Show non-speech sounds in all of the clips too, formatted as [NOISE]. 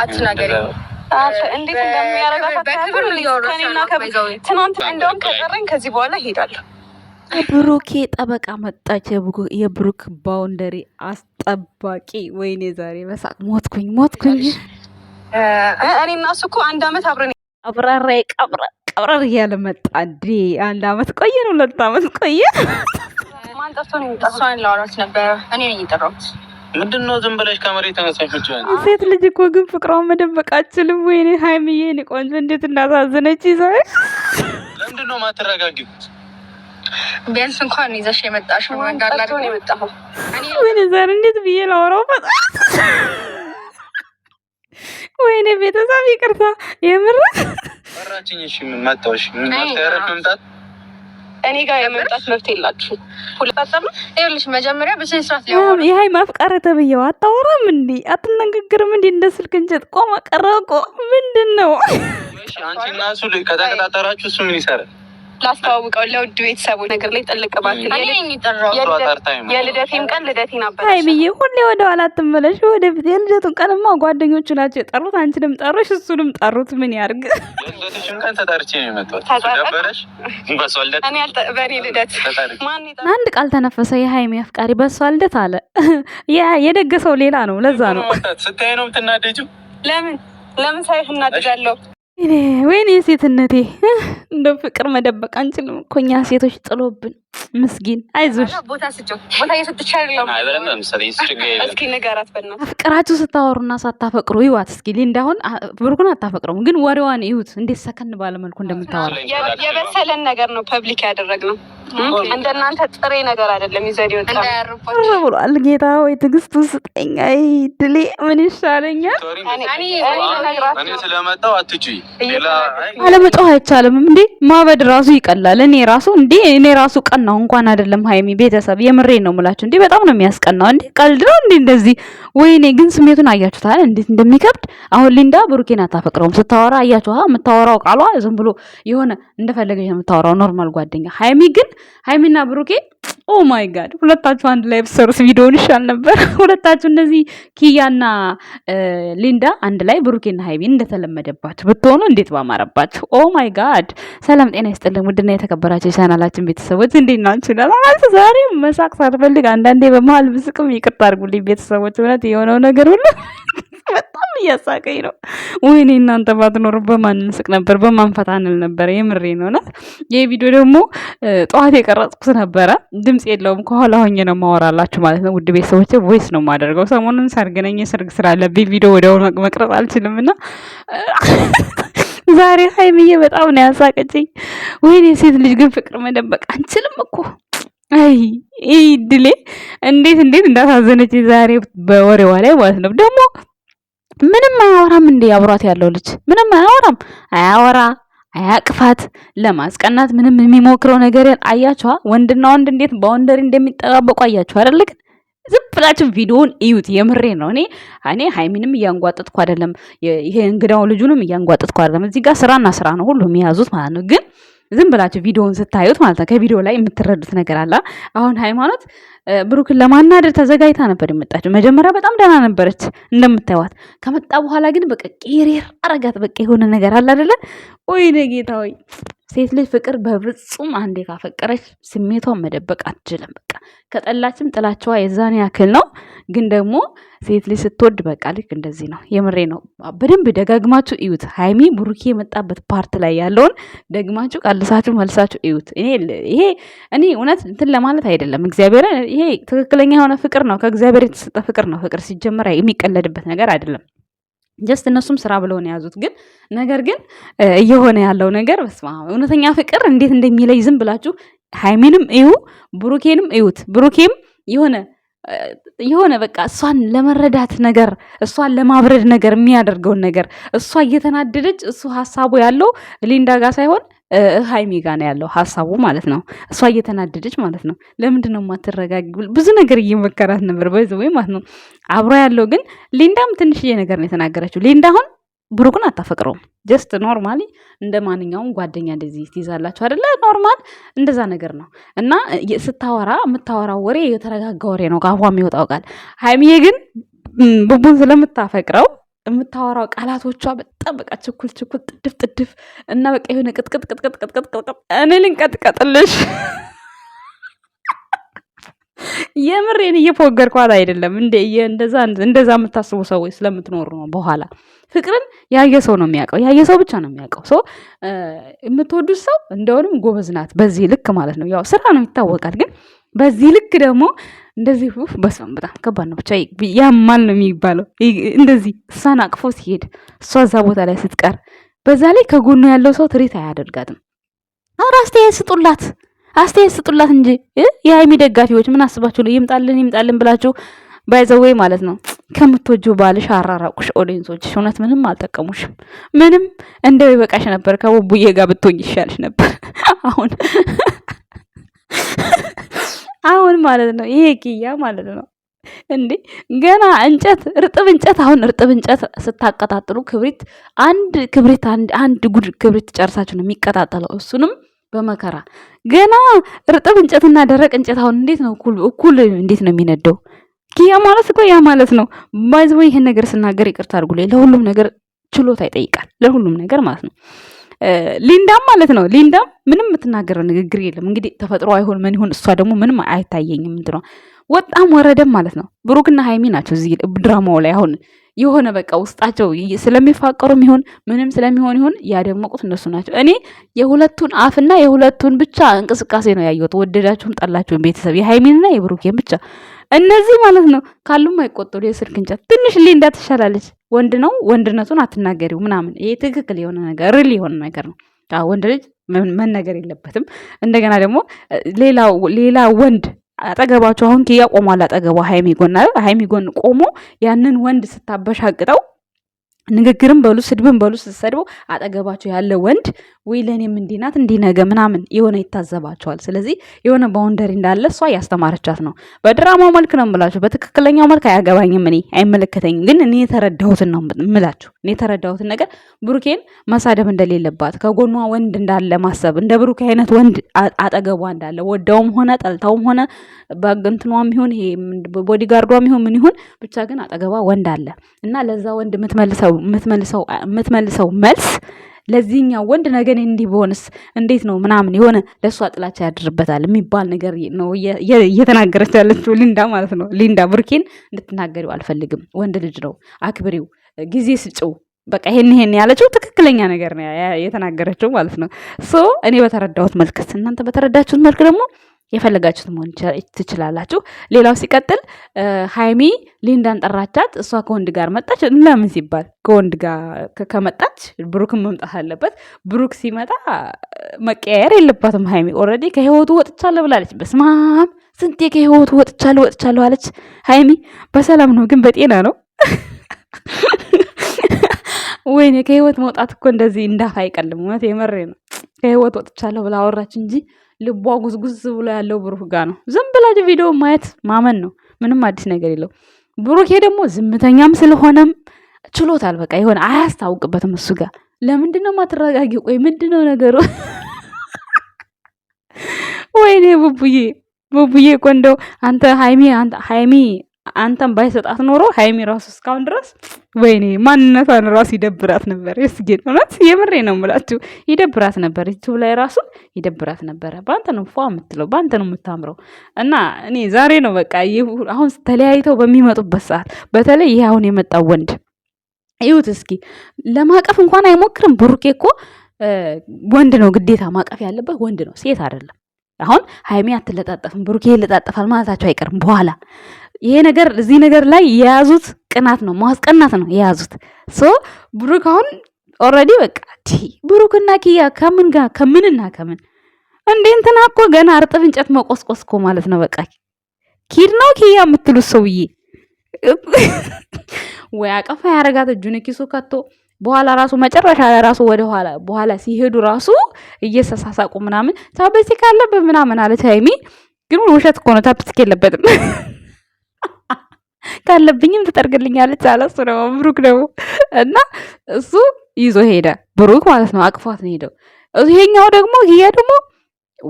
አትናገሪ እንዴት ትናንት እንደውም ከቀረኝ ከዚህ በኋላ ይሄዳለሁ። ብሩኬ ጠበቃ መጣች። የብሩክ ባውንደሪ አስጠባቂ። ወይኔ ዛሬ በሳቅ ሞትኩኝ ሞትኩኝ። እኔ እና እሱ እኮ አንድ አመት አብረን አብራራ ቀብረር እያለ መጣ። እንዴ አንድ አመት ቆየን፣ ሁለት አመት ቆየን። ማን ጠርቶ ነው የሚጠራው? ላወራት ነበረ። እኔ ነኝ የጠራሁት ምንድን ነው ዝም ብለሽ ከመሬት ተነሳሽ? ሴት ልጅ እኮ ግን ፍቅሯን መደበቅ አችልም። ወይኔ ሀይምዬ፣ የኔ ቆንጆ እንዴት እናሳዝነች ይዛል። ለምንድን ነው ማትረጋጊው? ቢያንስ እንኳን ይዘሽ የመጣሽ ወይኔ፣ ዛሬ እንዴት ብዬ ላወራው በጣም ወይኔ፣ ቤተሰብ ይቅርታ፣ የምር ራችኝ። እሺ ምን መጣሁሽ? ምን ማታረፍ መምጣት እኔ ጋር የመምጣት መብት የላችሁ። መጀመሪያ በስነ ይሄ ማፍቀር ተብዬው አታወራም እንዲ አትነጋገርም እንዲ እንደ ስልክ እንጨት ቆመ ቀረ እኮ ምንድን ነው? አንቺ እና እሱ ከተቀጣጠራችሁ እሱ ምን ይሰራል? ላስተዋውቀው ለውድ ቤተሰቦች ነገር ላይ ጥልቅ ባት የልደቴም ቀን ልደቴን አበላሽ ሀይሚዬ፣ ሁሌ ወደ ኋላ አትመለሽ። ወደፊት የልደቱን ቀንማ ጓደኞቹ ናቸው የጠሩት፣ አንቺንም ጠሩሽ፣ እሱንም ጠሩት። ምን ያርግ? የልደትሽን አንድ ቃል ተነፈሰ። የሀይሚ አፍቃሪ በእሷ ልደት አለ። [LAUGHS] የደገሰው ሌላ ነው። ለዛ ነው ስታይ ነው የምትናደጂው። ለምን ለምን ሳይሽ እናደጃለሁ? እኔ ወይኔ ሴትነቴ እንደ ፍቅር መደበቅ አንችልም እኮ እኛ ሴቶች ጥሎብን። ምስጊን አይዞሽ፣ አፍቅራችሁ ስታወሩና ሳታፈቅሩ ይዋት እስኪ። እንዳሁን አሁን ብሩክን አታፈቅረውም፣ ግን ወሬዋን ይዩት እንዴት ሰከን ባለመልኩ እንደምታወራ የበሰለን ነገር ነው ፐብሊክ ያደረግነው። እንደናንተ ጥሬ ነገር አይደለም። ይዘን ይወጣል። ጌታ ወይ ትግስት ውስጠኛ ድሌ ምን ይሻለኛል? እኔ ስለመጣው አትጩይ አለመጮህ አይቻልም እንዴ? ማበድ ራሱ ይቀላል። እኔ ራሱ እንዴ እኔ ራሱ ቀናሁ እንኳን አይደለም ሀይሚ ቤተሰብ፣ የምሬ ነው የምላችሁ። እንዴ በጣም ነው የሚያስቀናው። እንዴ ቀልድ ነው እንዴ እንደዚህ? ወይኔ ግን ስሜቱን አያችሁታል እንዴት እንደሚከብድ። አሁን ሊንዳ ብሩኬን አታፈቅረውም ስታወራ አያችኋ። የምታወራው ቃሏ ዝም ብሎ የሆነ እንደፈለገች የምታወራው ኖርማል ጓደኛ። ሀይሚ ግን ሀይሚና ብሩኬ ኦ ማይ ጋድ ሁለታችሁ አንድ ላይ ብሰሩት ቪዲዮን ይሻል ነበር። [LAUGHS] ሁለታችሁ እነዚህ ኪያና ሊንዳ አንድ ላይ ብሩኬና ሀይቢን እንደተለመደባችሁ ብትሆኑ እንዴት ባማረባችሁ። ኦ ማይ ጋድ። ሰላም ጤና ይስጥልን ውድና የተከበራችሁ የቻናላችን ቤተሰቦች እንዴት ናችሁ? ለማለት ዛሬ መሳቅ ሳትፈልግ አንዳንዴ በመሀል ብስቅም ይቅርታ አድርጉልኝ ቤተሰቦች፣ እውነት የሆነው ነገር ሁሉ በጣም እያሳቀኝ ነው። ወይኔ እናንተ ባትኖሩ በማን እንስቅ ነበር? በማን ፈታ እንል ነበር? የምሬ ነው። እውነት ይህ ቪዲዮ ደግሞ ጠዋት የቀረጽኩት ነበረ። ድምፅ የለውም። ከኋላ ሆኜ ነው ማወራላችሁ ማለት ነው። ውድ ቤተሰቦች ቮይስ ነው የማደርገው። ሰሞኑን ሳርገነኝ ሰርግ ስላለብኝ ቪዲዮ ወዲያው መቅረጽ አልችልም እና ዛሬ ሀይምዬ በጣም ነው ያሳቀችኝ። ወይኔ ሴት ልጅ ግን ፍቅር መደበቅ አንችልም እኮ አይ ይህ ድሌ እንዴት እንዴት እንዳሳዘነች ዛሬ በወሬዋ ላይ ማለት ነው ደግሞ ምንም አያወራም እንዴ? አብሯት ያለው ልጅ ምንም አያወራም። አያወራ አያቅፋት ለማስቀናት ምንም የሚሞክረው ነገር አያችኋ? ወንድና ወንድ እንዴት በወንደር እንደሚጠባበቁ አያችኋ አይደል? ግን ዝም ብላችሁ ቪዲዮውን እዩት። የምሬ ነው። እኔ እኔ ሀይሚንም እያንጓጠጥኩ አይደለም፣ ይሄ እንግዳው ልጁንም እያንጓጠጥኩ አይደለም። እዚህ ጋር ስራና ስራ ነው ሁሉ የሚያዙት ማለት ነው። ግን ዝም ብላችሁ ቪዲዮውን ስታዩት ማለት ነው ከቪዲዮ ላይ የምትረዱት ነገር አለ። አሁን ሃይማኖት ብሩክን ለማናደር ተዘጋጅታ ነበር የመጣችው። መጀመሪያ በጣም ደህና ነበረች እንደምታዩት። ከመጣ በኋላ ግን በቃ ቄሬር አረጋት። በቃ የሆነ ነገር አለ አይደለ? ወይኔ ጌታ ወይ! ሴት ልጅ ፍቅር በፍጹም አንዴ ካፈቀረች ስሜቷን መደበቅ አትችልም። በቃ ከጠላችም ጥላቸዋ የዛን ያክል ነው። ግን ደግሞ ሴት ልጅ ስትወድ በቃ ልክ እንደዚህ ነው። የምሬ ነው። በደንብ ደጋግማችሁ እዩት። ሀይሚ ብሩኬ የመጣበት ፓርት ላይ ያለውን ደግማችሁ ቀልሳችሁ መልሳችሁ እዩት። ይሄ እኔ እውነት እንትን ለማለት አይደለም እግዚአብሔርን ይሄ ትክክለኛ የሆነ ፍቅር ነው። ከእግዚአብሔር የተሰጠ ፍቅር ነው። ፍቅር ሲጀመር የሚቀለድበት ነገር አይደለም። ጀስት እነሱም ስራ ብለው ነው የያዙት። ግን ነገር ግን እየሆነ ያለው ነገር በስማ እውነተኛ ፍቅር እንዴት እንደሚለይ ዝም ብላችሁ ሃይሜንም እዩ ብሩኬንም እዩት። ብሩኬም የሆነ የሆነ በቃ እሷን ለመረዳት ነገር እሷን ለማብረድ ነገር የሚያደርገውን ነገር እሷ እየተናደደች እሱ ሀሳቡ ያለው ሊንዳ ጋር ሳይሆን ሀይሚ ጋ ነው ያለው ሀሳቡ ማለት ነው። እሷ እየተናደደች ማለት ነው። ለምንድን ነው የማትረጋጊ ብዙ ነገር እየመከራት ነበር በዚ ወይ ማለት ነው። አብሮ ያለው ግን ሊንዳም ትንሽዬ ነገር ነው የተናገረችው። ሊንዳ አሁን ብሩክን አታፈቅረውም። ጀስት ኖርማሊ እንደ ማንኛውም ጓደኛ እንደዚህ ትይዛላችሁ አደለ? ኖርማል እንደዛ ነገር ነው። እና ስታወራ የምታወራው ወሬ የተረጋጋ ወሬ ነው፣ ከአፏ የሚወጣው ቃል። ሀይሚዬ ግን ቡቡን ስለምታፈቅረው የምታወራው ቃላቶቿ በጣም በቃ ችኩል ችኩል ጥድፍ ጥድፍ እና በቃ የሆነ ቅጥቅጥቅጥቅጥቅጥቅጥ እኔ ልንቀጥቀጥልሽ የምሬን እየፎገርኳት አይደለም። እንደዛ የምታስቡ ሰዎች ስለምትኖሩ ነው። በኋላ ፍቅርን ያየ ሰው ነው የሚያውቀው፣ ያየ ሰው ብቻ ነው የሚያውቀው። ሰው የምትወዱት ሰው እንደውንም ጎበዝ ናት፣ በዚህ ልክ ማለት ነው። ያው ስራ ነው ይታወቃል ግን በዚህ ልክ ደግሞ እንደዚህ ፍ በስመ አብ በጣም ከባድ ነው። ብቻ ያማል ነው የሚባለው። እንደዚህ እሷን አቅፎ ሲሄድ እሷ እዛ ቦታ ላይ ስትቀር፣ በዛ ላይ ከጎኑ ያለው ሰው ትሪት አያደርጋትም። አሁን አስተያየት ስጡላት፣ አስተያየት ስጡላት እንጂ የሀይሚ ደጋፊዎች ምን አስባችሁ ነው? ይምጣልን ይምጣልን ብላችሁ ባይዘወይ ማለት ነው ከምትወጁ ባልሽ አራራቁሽ ኦዲየንሶችሽ እውነት ምንም አልጠቀሙሽም። ምንም እንደው ይበቃሽ ነበር። ከቡቡዬ ጋር ብትሆኝ ይሻልሽ ነበር አሁን አሁን ማለት ነው ይሄ ኪያ ማለት ነው እንዴ ገና እንጨት እርጥብ እንጨት አሁን እርጥብ እንጨት ስታቀጣጥሉ ክብሪት አንድ ክብሪት አንድ ጉድ ክብሪት ጨርሳችሁ ነው የሚቀጣጠለው እሱንም በመከራ ገና እርጥብ እንጨትና ደረቅ እንጨት አሁን እንዴት ነው እኩል እኩል እንዴት ነው የሚነደው ኪያ ማለት እኮ ያ ማለት ነው ባይዘው ይሄን ነገር ስናገር ይቅርታ አድርጉልኝ ለሁሉም ነገር ችሎታ ይጠይቃል ለሁሉም ነገር ማለት ነው ሊንዳም ማለት ነው። ሊንዳም ምንም የምትናገረው ንግግር የለም። እንግዲህ ተፈጥሮ አይሆን ምን ይሆን እሷ ደግሞ ምንም አይታየኝም። ነው ወጣም ወረደም ማለት ነው። ብሩክና ሀይሚ ናቸው እዚህ ድራማው ላይ አሁን የሆነ በቃ ውስጣቸው ስለሚፋቀሩም ይሆን ምንም ስለሚሆን ይሆን ያደመቁት እነሱ ናቸው። እኔ የሁለቱን አፍና የሁለቱን ብቻ እንቅስቃሴ ነው ያየሁት። ወደዳችሁም ጠላችሁም ቤተሰብ የሀይሚንና የብሩኬን ብቻ እነዚህ ማለት ነው ካሉም አይቆጠሩ የስልክ እንጨት ትንሽ ሊንዳ ትሻላለች። ወንድ ነው ወንድነቱን አትናገሪው ምናምን። ይሄ ትክክል የሆነ ነገር ሪል የሆነ ነገር ነው። ወንድ ልጅ መነገር የለበትም። እንደገና ደግሞ ሌላ ወንድ አጠገባቸው አሁን ኪያ ቆሟል። አጠገቧ ሀይሚ ጎን ሀይሚ ጎን ቆሞ ያንን ወንድ ስታበሻቅጠው ንግግርም በሉ ስድብም በሉ ስትሰድቡ አጠገባቸው ያለ ወንድ ወይ ለእኔም እንዲናት እንዲነገ ምናምን የሆነ ይታዘባቸዋል። ስለዚህ የሆነ ባውንደሪ እንዳለ እሷ እያስተማረቻት ነው። በድራማው መልክ ነው የምላችሁ። በትክክለኛው መልክ አያገባኝም፣ እኔ አይመለከተኝም። ግን እኔ የተረዳሁትን ነው የምላችሁ። እኔ የተረዳሁትን ነገር ብሩኬን መሳደብ እንደሌለባት ከጎኗ ወንድ እንዳለ ማሰብ እንደ ብሩኬ አይነት ወንድ አጠገቧ እንዳለ ወዳውም ሆነ ጠልታውም ሆነ በግንትኗም ይሁን ይሄ ቦዲጋርዷም ይሁን ምን ይሁን ብቻ ግን አጠገቧ ወንድ አለ እና ለዛ ወንድ የምትመልሰው የምትመልሰው የምትመልሰው መልስ ለዚህኛው ወንድ ነገን እንዲህ በሆንስ እንዴት ነው ምናምን የሆነ ለእሷ ጥላቻ ያድርበታል የሚባል ነገር ነው እየተናገረች ያለችው ሊንዳ ማለት ነው። ሊንዳ ብሩኬን እንድትናገሪው አልፈልግም። ወንድ ልጅ ነው፣ አክብሪው፣ ጊዜ ስጭው። በቃ ይሄን ይሄን ያለችው ትክክለኛ ነገር ነው የተናገረችው ማለት ነው። ሶ እኔ በተረዳሁት መልክስ እናንተ በተረዳችሁት መልክ ደግሞ የፈለጋችሁት መሆን ትችላላችሁ። ሌላው ሲቀጥል ሀይሚ ሊንዳን ጠራቻት። እሷ ከወንድ ጋር መጣች። ለምን ሲባል ከወንድ ጋር ከመጣች ብሩክን መምጣት አለበት። ብሩክ ሲመጣ መቀያየር የለባትም። ሀይሚ ኦልሬዲ ከህይወቱ ወጥቻለሁ ብላለች። በስማም ስንቴ ከህይወቱ ወጥቻለሁ ወጥቻለሁ አለች። ሀይሚ በሰላም ነው ግን በጤና ነው። [LAUGHS] ወይኔ ከህይወት መውጣት እኮ እንደዚህ እንዳፋ አይቀልም። እውነት የመሬ ነው። ከህይወት ወጥቻለሁ ብላ አወራች እንጂ ልቧ ጉዝጉዝ ብሎ ያለው ብሩህ ጋ ነው። ዝም ብላጅ ቪዲዮ ማየት ማመን ነው። ምንም አዲስ ነገር የለው። ብሩኬ ደግሞ ዝምተኛም ስለሆነም ችሎታል። በቃ የሆነ አያስታውቅበትም እሱ ጋር ለምንድነው ነው ማትረጋጊ? ቆይ ምንድን ነው ነገሩ? [LAUGHS] ወይኔ ቡቡዬ ቡቡዬ ቆንደው አንተ ሃይሚ ሃይሚ አንተን ባይሰጣት ኖሮ ሀይሚ ራሱ እስካሁን ድረስ ወይኔ ማንነቷን ራሱ ይደብራት ነበር። የስጌን እውነት የምሬ ነው ምላችሁ ይደብራት ነበር። ዩቱብ ላይ ራሱ ይደብራት ነበረ። በአንተ ነው ፏ የምትለው፣ በአንተ ነው የምታምረው። እና እኔ ዛሬ ነው በቃ አሁን ተለያይተው በሚመጡበት ሰዓት በተለይ ይህ አሁን የመጣው ወንድ ይሁት እስኪ ለማቀፍ እንኳን አይሞክርም። ብሩኬ እኮ ወንድ ነው ግዴታ ማቀፍ ያለበት ወንድ ነው፣ ሴት አይደለም። አሁን ሀይሚ አትለጣጠፍም ብሩኬ ይለጣጠፋል ማለታቸው አይቀርም በኋላ ይሄ ነገር እዚህ ነገር ላይ የያዙት ቅናት ነው፣ ማስቀናት ነው የያዙት። ሶ ብሩክ አሁን ኦልሬዲ በቃ ብሩክና ኪያ ከምን ጋር ከምንና ከምን እንዴ እንትና እኮ ገና አርጥብ እንጨት መቆስቆስ እኮ ማለት ነው። በቃ ኪድ ነው ኪያ የምትሉት ሰውዬ ወይ አቀፋ ያረጋት እጁን ኪሱ ከቶ በኋላ ራሱ መጨረሻ ላይ ራሱ ወደ ኋላ በኋላ ሲሄዱ ራሱ እየሰሳሳቁ ምናምን ታበሲ ካለበት ምናምን አለች ሃይሚ። ግን ውሸት እኮ ነው። የለበትም። ካለብኝም ትጠርግልኛለች አለ። እሱ ደግሞ ብሩክ ደግሞ እና እሱ ይዞ ሄደ ብሩክ ማለት ነው። አቅፏት ነው ሄደው። ይሄኛው ደግሞ ይሄ ደግሞ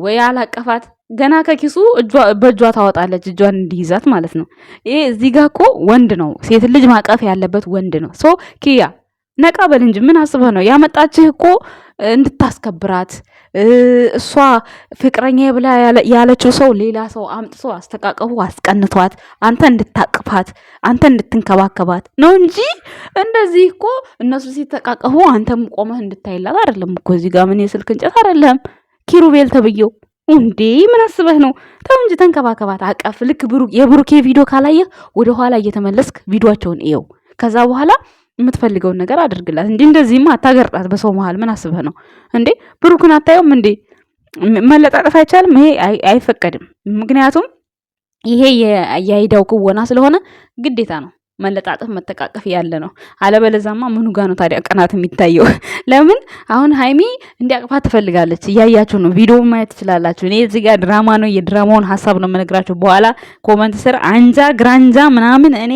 ወይ አላቀፋት ገና ከኪሱ በእጇ ታወጣለች እጇን እንዲይዛት ማለት ነው። ይሄ እዚህ ጋር እኮ ወንድ ነው፣ ሴት ልጅ ማቀፍ ያለበት ወንድ ነው። ሶ ኪያ ነቃ በል እንጂ ምን አስበህ ነው ያመጣችህ? እኮ እንድታስከብራት እሷ ፍቅረኛ ብላ ያለችው ሰው ሌላ ሰው አምጥቶ አስተቃቀፉ አስቀንቷት፣ አንተ እንድታቅፋት፣ አንተ እንድትንከባከባት ነው እንጂ እንደዚህ እኮ እነሱ ሲተቃቀፉ አንተም ቆመህ እንድታይላት አይደለም እኮ። እዚህ ጋር ምን የስልክ እንጨት አይደለም ኪሩቤል ተብዬው እንዴ ምን አስበህ ነው? ተው እንጂ ተንከባከባት፣ አቀፍ። ልክ የብሩኬ ቪዲዮ ካላየህ ወደኋላ እየተመለስክ ቪዲዮቸውን እየው ከዛ በኋላ የምትፈልገውን ነገር አድርግላት እንዴ። እንደዚህማ አታገርጣት በሰው መሀል። ምን አስበህ ነው እንዴ? ብሩክን አታየውም እንዴ? መለጣጠፍ አይቻልም። ይሄ አይፈቀድም። ምክንያቱም ይሄ የአይዳው ክወና ስለሆነ ግዴታ ነው መለጣጠፍ መተቃቀፍ ያለ ነው። አለበለዛማ ምኑ ጋ ነው ታዲያ ቀናት የሚታየው? [LAUGHS] ለምን አሁን ሀይሚ እንዲያቅፋት ትፈልጋለች። እያያችሁ ነው፣ ቪዲዮ ማየት ትችላላችሁ። እኔ እዚህ ጋር ድራማ ነው፣ የድራማውን ሀሳብ ነው የምነግራችሁ። በኋላ ኮመንት ስር አንጃ ግራንጃ ምናምን እኔ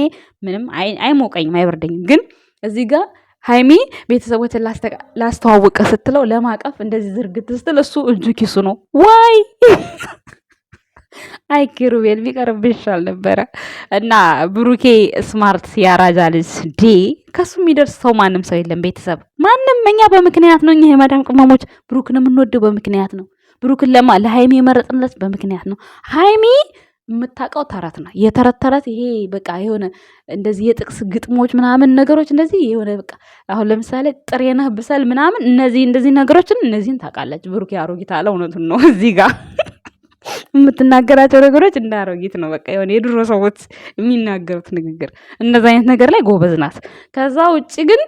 ምንም አይሞቀኝም አይበርደኝም ግን እዚህ ጋር ሀይሚ ቤተሰቦችን ላስተዋውቀ ስትለው ለማቀፍ እንደዚህ ዝርግት ስትል እሱ እጁ ኪሱ ነው። ዋይ [LAUGHS] አይ ኪሩቤል ቢቀርብሻል ነበረ። እና ብሩኬ ስማርት ያራጃ ልጅ ዴ ከሱ የሚደርስ ሰው ማንም ሰው የለም። ቤተሰብ ማንም እኛ በምክንያት ነው። እኛ የማዳም ቅመሞች ብሩክን የምንወደው በምክንያት ነው። ብሩክን ለማ ለሀይሚ የመረጥንለት በምክንያት ነው። ሀይሚ የምታውቀው ተረት ነው። የተረት ተረት ይሄ በቃ የሆነ እንደዚህ የጥቅስ ግጥሞች ምናምን ነገሮች እንደዚህ የሆነ በቃ አሁን ለምሳሌ ጥሬ ነህ ብሰል ምናምን እነዚህ እንደዚህ ነገሮችን እነዚህን ታውቃለች። ብሩክ አሮጊት አለ እውነቱን ነው። [LAUGHS] እዚህ ጋር የምትናገራቸው ነገሮች እንዳሮጊት ነው። በቃ የሆነ የድሮ ሰዎች የሚናገሩት ንግግር እንደዚ አይነት ነገር ላይ ጎበዝ ናት። ከዛ ውጭ ግን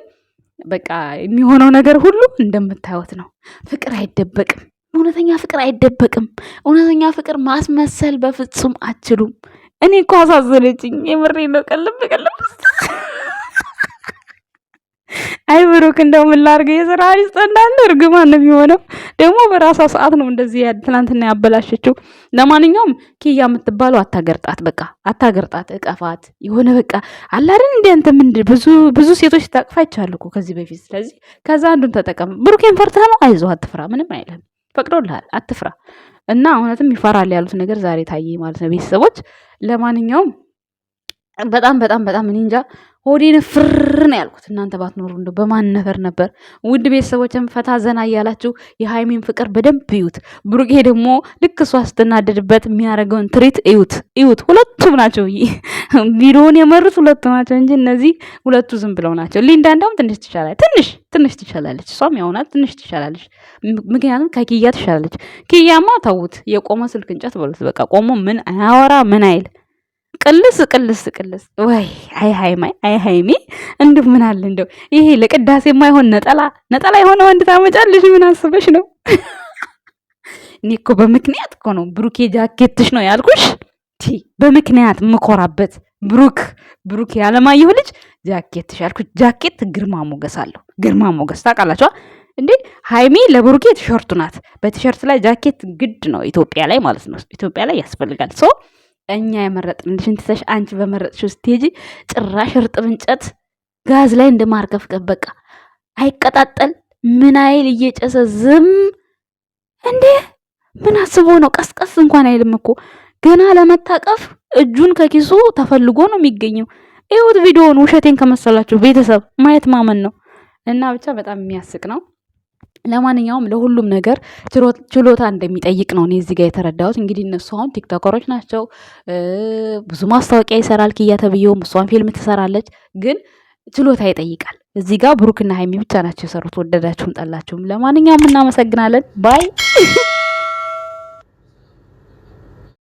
በቃ የሚሆነው ነገር ሁሉ እንደምታዩት ነው። ፍቅር አይደበቅም። እውነተኛ ፍቅር አይደበቅም። እውነተኛ ፍቅር ማስመሰል በፍጹም አችሉም። እኔ እኮ አሳዘነችኝ። የምሬ ነው። ቀልብ ቀልብ አይ ብሩክ እንደው ምን ላድርግ? የስራ ሪስጥ እንዳለ እርግማን ነው የሚሆነው። ደግሞ በራሷ ሰዓት ነው እንደዚህ ትናንትና ያበላሸችው። ለማንኛውም ኪያ የምትባለው አታገርጣት፣ በቃ አታገርጣት፣ እቀፋት። የሆነ በቃ አላደን እንደ አንተ ምንድን ብዙ ብዙ ሴቶች ታቅፋ ይቻሉ እኮ ከዚህ በፊት። ስለዚህ ከዛ አንዱን ተጠቀም። ብሩኬን ፈርተህ ነው? አይዞ አትፍራ፣ ምንም አይለም። ፈቅዶልሃል፣ አትፍራ። እና እውነትም ይፈራል ያሉት ነገር ዛሬ ታየ ማለት ነው ቤተሰቦች። ለማንኛውም በጣም በጣም በጣም እኔ እንጃ ሆዴን ፍር ነው ያልኩት። እናንተ ባትኖሩ እንደው በማን ነበር ነበር። ውድ ቤተሰቦችም ፈታ ዘና እያላችሁ የሃይሚን ፍቅር በደንብ እዩት። ብሩጌ ደግሞ ልክ እሷ ስትናደድበት የሚያደርገውን ትሪት እዩት እዩት። ሁለቱም ናቸው ቪዲዮውን የመሩት ሁለቱ ናቸው እንጂ እነዚህ ሁለቱ ዝም ብለው ናቸው። ሊንዳ እንደውም ትንሽ ትሻላለች፣ ትንሽ ትንሽ ትሻላለች። እሷም ያውናት ትንሽ ትሻላለች፣ ምክንያቱም ከኪያ ትሻላለች። ኪያማ ተዉት፣ የቆመ ስልክ እንጨት በሉት። በቃ ቆሞ ምን አያወራ ምን አይል ቅልስ ቅልስ ቅልስ ወይ አይ ሃይ ማይ አይ ሃይሚ እንዲሁ ምን አለ እንደው ይሄ ለቅዳሴ የማይሆን ነጠላ ነጠላ የሆነ ወንድ ታመጫለሽ? ምን አስበሽ ነው? እኔ እኮ በምክንያት እኮ ነው ብሩኬ ጃኬትሽ ነው ያልኩሽ። ቲ በምክንያት የምኮራበት ብሩክ ብሩክ ያለማየሁ ልጅ ጃኬትሽ ያልኩሽ። ጃኬት ግርማ ሞገስ አለው። ግርማ ሞገስ ታውቃላችኋ እንዴ ሃይሚ ለብሩኬ ቲሸርቱ ናት። በቲሸርት ላይ ጃኬት ግድ ነው ኢትዮጵያ ላይ ማለት ነው። ኢትዮጵያ ላይ ያስፈልጋል ሶ እኛ የመረጥንልሽ እንትሰሽ አንቺ በመረጥሽው ስትሄጂ ጭራሽ እርጥብ እንጨት ጋዝ ላይ እንደማርከፍከፍ በቃ አይቀጣጠል ምን አይል እየጨሰ ዝም እንዴ! ምን አስቦ ነው? ቀስቀስ እንኳን አይልም እኮ ገና ለመታቀፍ እጁን ከኪሱ ተፈልጎ ነው የሚገኘው። ይሁት ቪዲዮውን ውሸቴን ከመሰላችሁ ቤተሰብ ማየት ማመን ነው። እና ብቻ በጣም የሚያስቅ ነው። ለማንኛውም ለሁሉም ነገር ችሎታ እንደሚጠይቅ ነው እኔ እዚህ ጋር የተረዳሁት። እንግዲህ እነሱ አሁን ቲክቶከሮች ናቸው። ብዙ ማስታወቂያ ይሰራል ክያ ተብዬውም እሷን ፊልም ትሰራለች፣ ግን ችሎታ ይጠይቃል። እዚህ ጋር ብሩክና ሀይሚ ብቻ ናቸው የሰሩት፣ ወደዳችሁም ጠላችሁም። ለማንኛውም እናመሰግናለን ባይ